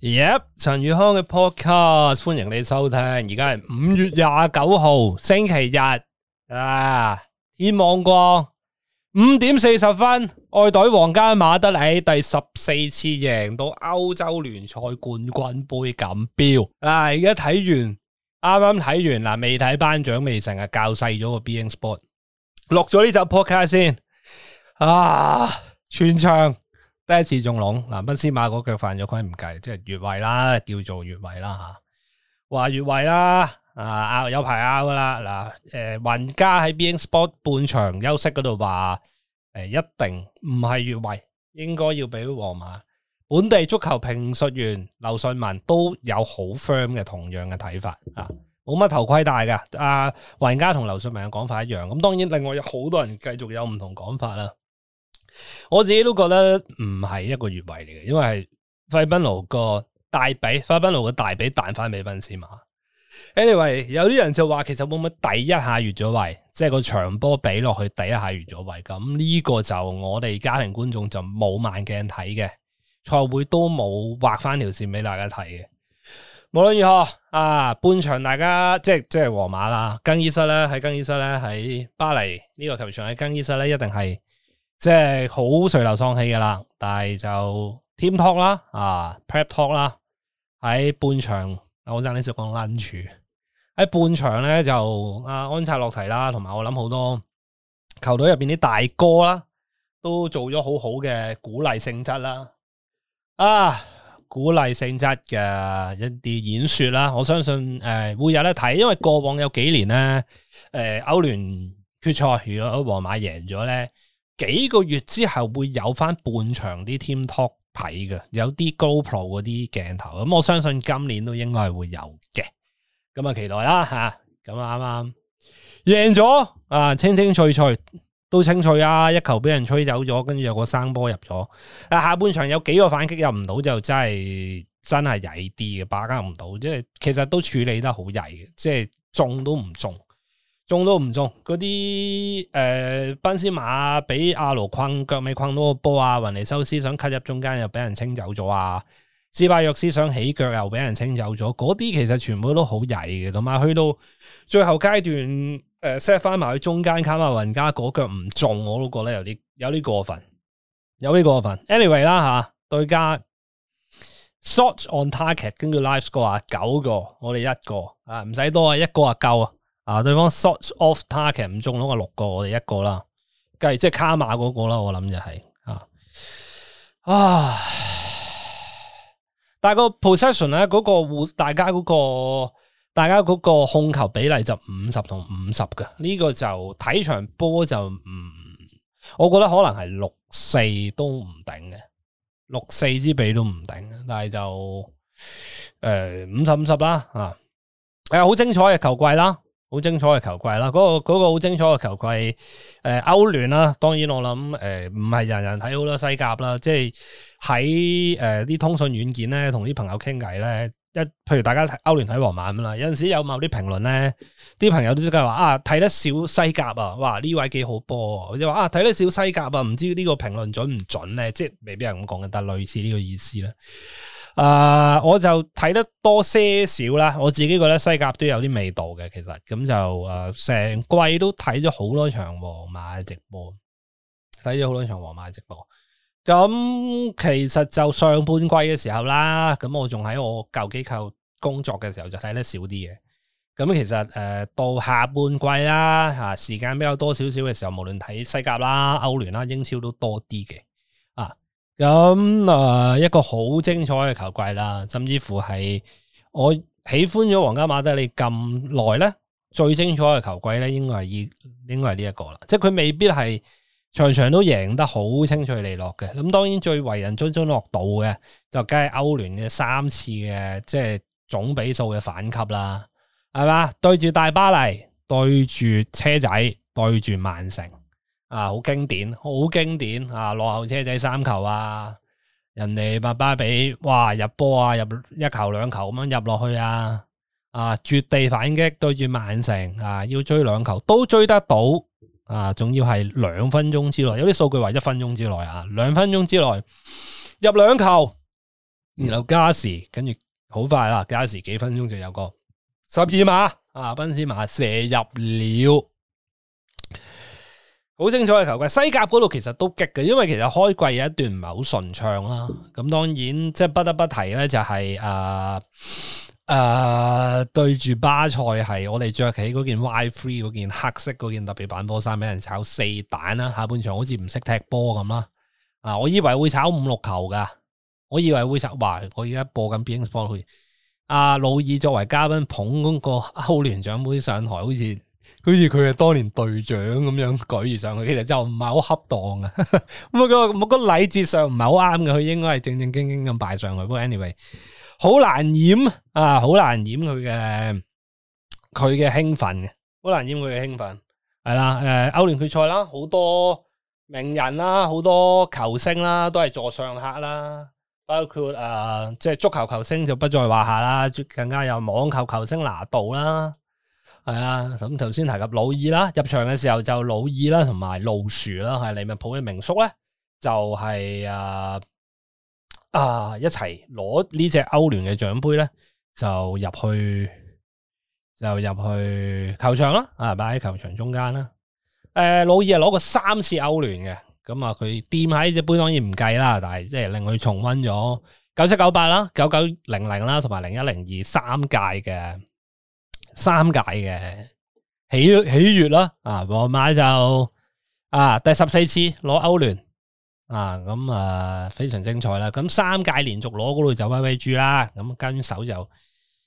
Yep，陳宇康嘅 podcast，歡迎你收聽。而家係五月廿九號星期日啊，天矇光五點四十分，愛隊皇家馬德里第十四次贏到歐洲聯賽冠軍盃錦標。嗱、啊，而家睇完，啱啱睇完嗱，未睇頒獎，未成日教細咗個 beIN Sport 錄咗呢集 podcast 先啊，全場。第一次中龍，南奔司馬個腳犯咗規唔計，即係越位啦，叫做越位啦吓，話越位啦，啊拗有排拗噶啦嗱，誒雲加喺 beIN Sport 半場休息嗰度話，誒、呃、一定唔係越位，應該要俾皇馬。本地足球評述員劉信文都有好 firm 嘅同樣嘅睇法啊，冇乜頭盔戴嘅，阿雲加同劉信文嘅講法一樣，咁當然另外有好多人繼續有唔同講法啦。我自己都覺得唔係一個越位嚟嘅，因為係費賓奴個大髀，費賓奴個大髀彈翻俾賓先嘛。Anyway，有啲人就話，其實會唔會第一下越咗位，即係個長波比落去第一下越咗位。咁、這、呢個就我哋家庭觀眾就冇慢鏡睇嘅，賽會都冇畫翻條線俾大家睇嘅。無論如何啊，半場大家即係即係皇馬啦，更衣室咧喺更衣室咧喺巴黎呢、這個球場喺更衣室咧一定係。即係好垂流喪氣噶啦，但係就 team talk 啦，啊 prep talk 啦，喺半場我聽啲少講 c h 喺半場咧就阿安插洛提啦，同埋我諗好多球隊入邊啲大哥啦，都做咗好好嘅鼓勵性質啦，啊鼓勵性質嘅一啲演說啦，我相信誒、呃、會有得睇，因為過往有幾年咧，誒歐聯決賽如果皇馬贏咗咧。幾個月之後會有翻半場啲 team talk 睇嘅，有啲 GoPro 嗰啲鏡頭，咁我相信今年都應該係會有嘅，咁啊期待啦吓，咁啊啱啱贏咗啊清清脆脆都清脆啊，一球俾人吹走咗，跟住有個生波入咗，啊下半場有幾個反擊入唔到就真係真係曳啲嘅把握唔到，即係其實都處理得好曳嘅，即係中都唔中。中都唔中，嗰啲誒，賓、呃、斯馬俾阿羅框腳尾框到個波啊，雲尼修斯想卡入中間又俾人清走咗啊，斯拜若斯想起腳又俾人清走咗，嗰啲其實全部都好曳嘅。同埋去到最後階段，誒 set 翻埋去中間卡埋雲家嗰腳唔中，我都覺得有啲有啲過分，有啲過分。Anyway 啦、啊、吓，對家 shots on target，跟住 live score 啊九個，我哋一個啊，唔使多啊，一個啊夠啊。啊！對方 shot off target，唔中，嗰個六個我哋一個啦，計即係卡馬嗰個啦，我諗就係、是、啊，啊，但係個 possession 咧、那個，個大家嗰、那個大家嗰個控球比例就五十同五十嘅，呢、這個就睇場波就唔，我覺得可能係六四都唔頂嘅，六四之比都唔頂，但係就誒五十五十啦啊，係、啊、好精彩嘅球季啦～好精彩嘅球季啦，嗰個嗰個好精彩嘅球季，誒歐聯啦，當然我諗誒唔係人人睇好多西甲啦，即係喺誒啲通訊軟件咧，同啲朋友傾偈咧，一譬如大家睇歐聯睇皇馬咁啦，有陣時有某啲評論咧，啲朋友都即係話啊睇得少西甲啊，哇呢位幾好波，就話啊睇得少西甲啊，唔知呢個評論準唔準咧，即係未必係咁講嘅，但係類似呢個意思咧。誒，uh, 我就睇得多些少啦。我自己覺得西甲都有啲味道嘅，其實咁就誒呃、成季都睇咗好多場皇馬直播，睇咗好多場皇馬直播。咁、嗯、其實就上半季嘅時候啦，咁我仲喺我舊機構工作嘅時候就睇得少啲嘅。咁、嗯、其實誒、呃、到下半季啦，吓時間比較多少少嘅時候，無論睇西甲啦、歐聯啦、英超都多啲嘅。咁啊、嗯，一個好精彩嘅球季啦，甚至乎係我喜歡咗皇家馬德里咁耐咧，最精彩嘅球季咧，應該係已，應該係呢一個啦。即係佢未必係場場都贏得好清脆利落嘅。咁、嗯、當然最為人津津樂道嘅，就梗係歐聯嘅三次嘅即係總比數嘅反勝啦，係嘛？對住大巴黎，對住車仔，對住曼城。啊，好經典，好經典！啊，落後車仔三球啊，人哋爸爸俾哇入波啊，入一球兩球咁樣入落去啊，啊絕地反擊對住曼城啊，要追兩球都追得到啊，仲要係兩分鐘之內，有啲數據話一分鐘之內啊，兩分鐘之內入兩球，然後加時，跟住好快啦，加時幾分鐘就有個十二碼啊，賓斯馬射入了。好清楚嘅球季，西甲嗰度其實都激嘅，因為其實開季有一段唔係好順暢啦。咁當然即係不得不提咧、就是，就係誒誒對住巴塞係，我哋着起嗰件 Y3 嗰件黑色嗰件特別版波衫，俾人炒四蛋啦。下半場好似唔識踢波咁啦。啊，我以為會炒五六球噶，我以為會炒話，我而家播緊 beIN Sports 去。阿老二作為嘉賓捧嗰個歐聯獎盃上台，好似。好似佢係當年隊長咁樣舉而上去，其實就唔係好恰當嘅。咁 個禮節，我個禮節上唔係好啱嘅。佢應該係正正經經咁擺上去。不過 anyway，好難掩啊，好難掩佢嘅佢嘅興奮嘅，好難掩佢嘅興奮。係啦，誒、呃，歐聯決賽啦，好多名人啦，好多球星啦，都係座上客啦。嗯、包括誒，即、呃、係、就是、足球球星就不在話下啦，更加有網球球星拿度啦。係啊，咁頭先提及魯爾啦，入場嘅時候就魯爾啦，同埋路殊啦，係利物浦嘅名宿咧、就是，就係啊啊一齊攞呢隻歐聯嘅獎杯咧，就入去就入去球場啦，啊擺喺球場中間啦。誒、呃，魯爾係攞過三次歐聯嘅，咁啊佢掂喺呢隻杯當然唔計啦，但係即係令佢重温咗九七九八啦、九九零零啦，同埋零一零二三屆嘅。三屆嘅喜喜悅啦，啊皇馬就啊第十四次攞歐聯啊，咁啊非常精彩啦。咁、啊、三屆連續攞嗰度就 V V G 啦，咁、啊、跟手就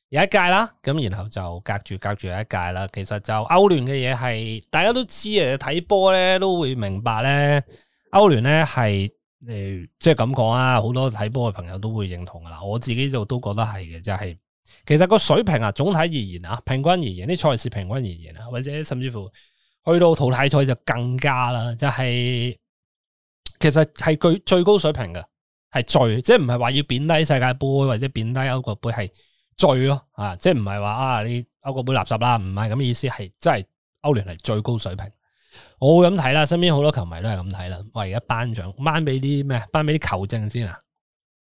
有一屆啦，咁、啊啊、然後就隔住隔住有一屆啦。其實就歐聯嘅嘢係大家都知嘅，睇波咧都會明白咧，歐聯咧係誒即係咁講啊，好多睇波嘅朋友都會認同噶啦。我自己就都覺得係嘅，就係。其實個水平啊，總體而言啊，平均而言，啲賽事平均而言啊，或者甚至乎去到淘汰賽就更加啦，就係、是、其實係最最高水平嘅，係最，即係唔係話要貶低世界杯或者貶低歐國杯係最咯，啊，即係唔係話啊，你歐國杯垃，垃圾啦，唔係咁嘅意思，係真係歐聯係最高水平，我會咁睇啦，身邊好多球迷都係咁睇啦，哇，而家頒獎頒俾啲咩，頒俾啲球證先啊！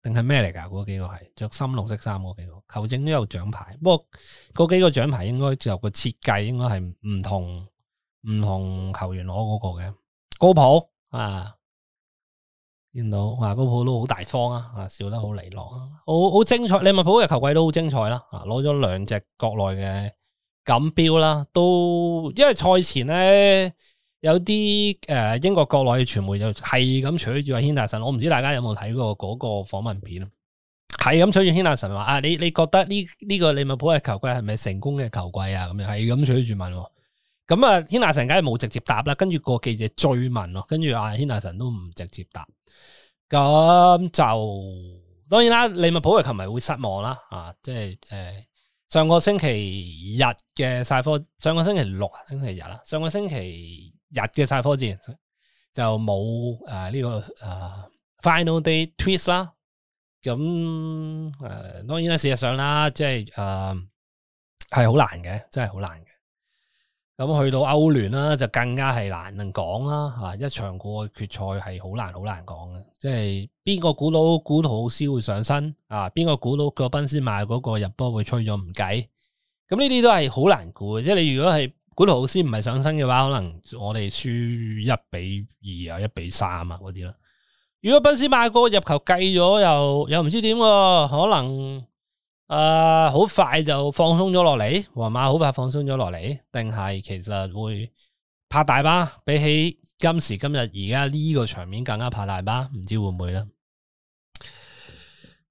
定係咩嚟噶？嗰幾個係着深綠色衫嗰幾個，球證都有獎牌。不過嗰幾個獎牌應該就個設計應該係唔同唔同球員攞嗰個嘅、嗯啊啊。高普啊，見到啊高普都好大方啊，啊笑得、嗯、好利落。啊，好好精彩。利物浦嘅球季都好精彩啦，啊攞咗兩隻國內嘅錦標啦，都因為賽前咧。有啲誒，英國國內嘅傳媒就係咁取住阿軒達臣，我唔知大家有冇睇過嗰個訪問片啊？係咁取住軒達臣話啊，你你覺得呢呢個利物浦嘅球季係咪成功嘅球季啊？咁樣係咁取住問，咁啊軒達臣梗係冇直接答啦，跟住個記者追問咯，跟住阿軒達臣都唔直接答，咁就當然啦，利物浦嘅球迷會失望啦啊！即係誒、呃，上個星期日嘅晒科，上個星期六啊，星期日啦，上個星期。日嘅晒科戰就冇誒呢個誒、啊、final day twist 啦，咁誒、啊、當然啦，事實上啦，即係誒係好難嘅，真係好難嘅。咁去到歐聯啦，就更加係難能講啦。啊，一場過嘅決賽係好難好難講嘅，即係邊個估到古圖老師會上身啊？邊個估到個賓斯馬嗰個入波會吹咗唔計。咁呢啲都係好難估嘅，即係你如果係。古圖斯唔係上身嘅話，可能我哋輸一比二啊，一比三啊，嗰啲啦。如果賓斯馬哥入球計咗，又又唔知點，可能誒好、呃、快就放鬆咗落嚟，皇馬好快放鬆咗落嚟，定係其實會拍大巴，比起今時今日而家呢個場面更加拍大巴，唔知會唔會咧？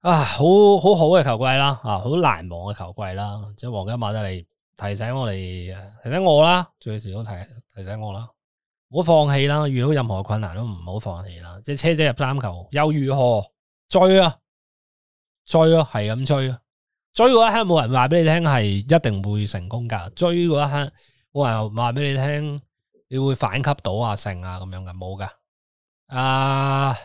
啊，好好好嘅球季啦，啊，好難忘嘅球季啦，即係皇家馬德里。提醒我哋，提醒我啦，最時都提提醒我啦，唔好放棄啦，遇到任何困難都唔好放棄啦。即係車仔入三球又如何追啊？追咯，係咁追咯。追嗰一刻係冇人話俾你聽係一定會成功噶。追嗰一刻冇人話俾你聽你會反吸到阿、啊、成啊咁樣嘅冇噶。啊，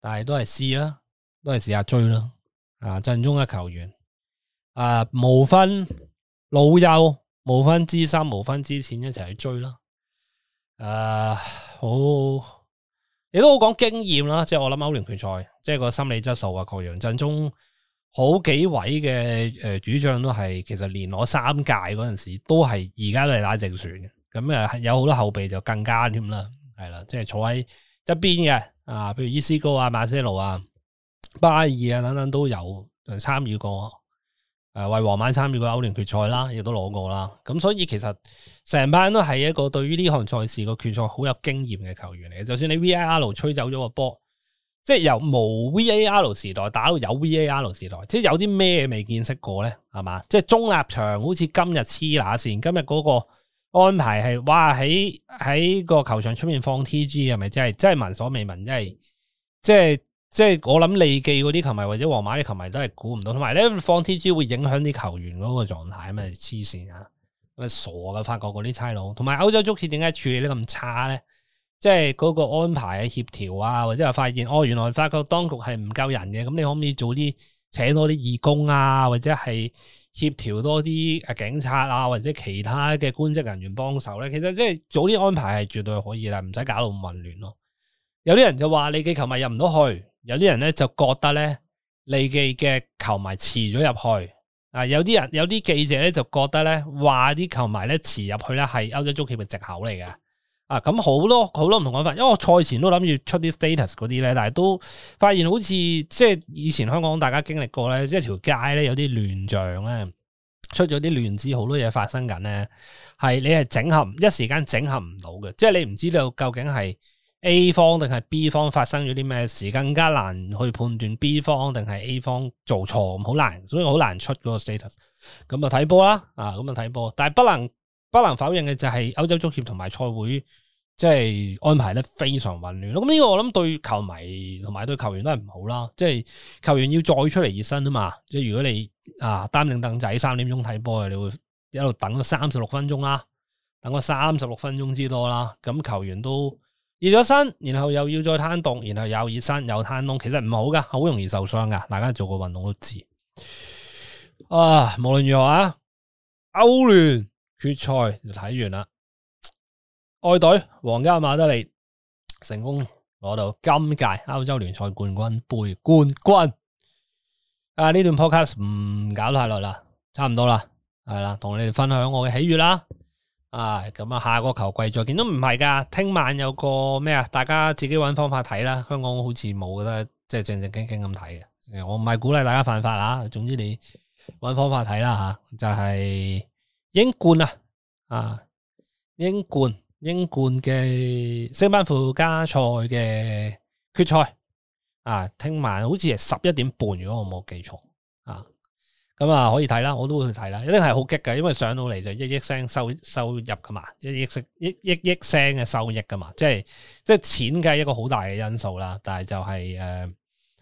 但係都係試啦，都係試下追啦、啊。啊，陣中嘅球員啊，無分。老幼無分資深、無分資淺一齊去追啦！誒、呃，好，亦都好講經驗啦，即係我諗歐聯決賽，即係個心理質素啊，球員陣中好幾位嘅誒主將都係其實連攞三屆嗰陣時都係，而家都係打正選嘅。咁誒有好多後備就更加添啦，係啦，即係坐喺一邊嘅啊，譬如伊斯高啊、馬西路啊、巴爾啊等等都有誒參與過。誒，為皇馬參與過歐聯決賽啦，亦都攞過啦。咁所以其實成班都係一個對於呢項賽事個決賽好有經驗嘅球員嚟嘅。就算你 VAR 吹走咗個波，即係由無 VAR 時代打到有 VAR 時代，即係有啲咩未見識過咧，係嘛？即係中立場好似今日黐乸線，今日嗰個安排係哇喺喺個球場出面放 TG 係咪？即係真係聞所未聞，即係即係。即係我諗利記嗰啲球迷或者皇馬啲球迷都係估唔到，同埋咧放 T G 會影響啲球員嗰個狀態啊！咪黐線啊！咁咪傻噶？法國嗰啲差佬，同埋歐洲足協點解處理得咁差咧？即係嗰個安排啊協調啊，或者又發現哦，原來法國當局係唔夠人嘅，咁你可唔可以早啲請多啲義工啊，或者係協調多啲誒警察啊，或者其他嘅官職人員幫手咧？其實即係早啲安排係絕對可以啦，唔使搞到咁混亂咯。有啲人就話利記球迷入唔到去。有啲人咧就覺得咧，利記嘅球迷遲咗入去啊！有啲人有啲記者咧就覺得咧，話啲球迷咧遲入去啦係歐洲足協嘅借口嚟嘅啊！咁好多好多唔同講法，因為我賽前都諗住出啲 status 嗰啲咧，但係都發現好似即係以前香港大家經歷過咧，即係條街咧有啲亂象咧，出咗啲亂子，好多嘢發生緊咧，係你係整合一時間整合唔到嘅，即係你唔知道究竟係。A 方定係 B 方發生咗啲咩事，更加難去判斷 B 方定係 A 方做錯咁，好難，所以我好難出嗰個 status。咁啊睇波啦，啊咁啊睇波，但係不能不能否認嘅就係歐洲足協同埋賽會即係安排得非常混亂咯。咁呢個我諗對球迷同埋對球員都係唔好啦。即係球員要再出嚟熱身啊嘛。即係如果你啊擔定凳仔三點鐘睇波嘅，你會一路等咗三十六分鐘啦，等咗三十六分鐘之多啦。咁球員都。熱咗身，然後又要再攤凍，然後又熱身又攤凍，其實唔好噶，好容易受傷噶。大家做個運動都知。啊，無論如何啊，歐聯決賽就睇完啦。愛隊皇家馬德里成功攞到今屆歐洲聯賽冠軍盃冠軍。啊，呢段 podcast 唔搞太耐啦，差唔多啦，係啦，同你哋分享我嘅喜悦啦。啊，咁啊、哎，下個球季再見都唔係噶，聽晚有個咩啊？大家自己揾方法睇啦。香港好似冇得，即係正正經經咁睇嘅。我唔係鼓勵大家犯法啊。總之你揾方法睇啦吓，就係、是、英冠啊，啊，英冠，英冠嘅升班附加賽嘅決賽啊，聽晚好似係十一點半，如果我冇記錯。咁啊，可以睇啦，我都會去睇啦。一定係好激㗎，因為上到嚟就一億聲收收入噶嘛，一億億億億聲嘅收益噶嘛，即係即係錢嘅一個好大嘅因素啦。但係就係、是、誒、呃，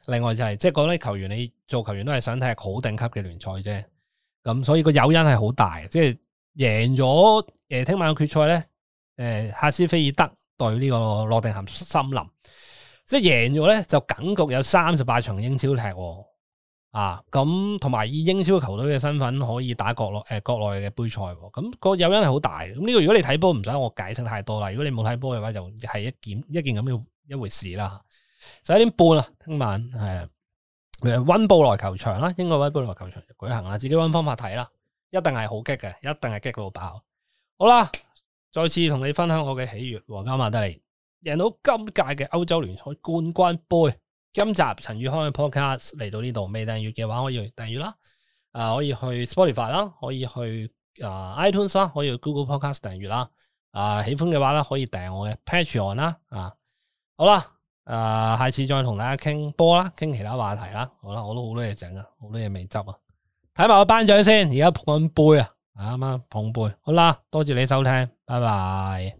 另外就係、是、即係講啲球員，你做球員都係想睇好頂級嘅聯賽啫。咁所以個誘因係好大，即係贏咗誒，聽、呃、晚嘅決賽咧，誒、呃，赫斯菲爾德對呢個諾定咸森林，即係贏咗咧，就梗局有三十八場英超踢、啊。啊，咁同埋以英超球隊嘅身份可以打國內誒、呃、國內嘅杯賽，咁、哦個誘因係好大嘅。咁呢個如果你睇波唔使我解釋太多啦。如果你冇睇波嘅話，就係、是、一件一件咁嘅一回事啦。十一點半啊，聽晚係啊，溫布萊球場啦，應該溫布萊球場就舉行啦，自己揾方法睇啦，一定係好激嘅，一定係激到爆。好啦，再次同你分享我嘅喜悦，皇家馬德里贏到今屆嘅歐洲聯賽冠軍杯。今集陳宇康嘅 podcast 嚟到呢度，未訂閱嘅話可以訂閱啦，啊可以去 Spotify 啦，可以去啊 iTunes 啦，可以去，去 Google Podcast 訂閱啦，啦，啊喜歡嘅話咧可以訂我嘅 Patreon 啦，啊好啦，啊下次再同大家傾波啦，傾其他話題啦，好啦，我都好多嘢整啊，好多嘢未執啊，睇埋我頒獎先，而家捧杯啊，啱啱捧杯，好啦，多謝你收聽，拜拜。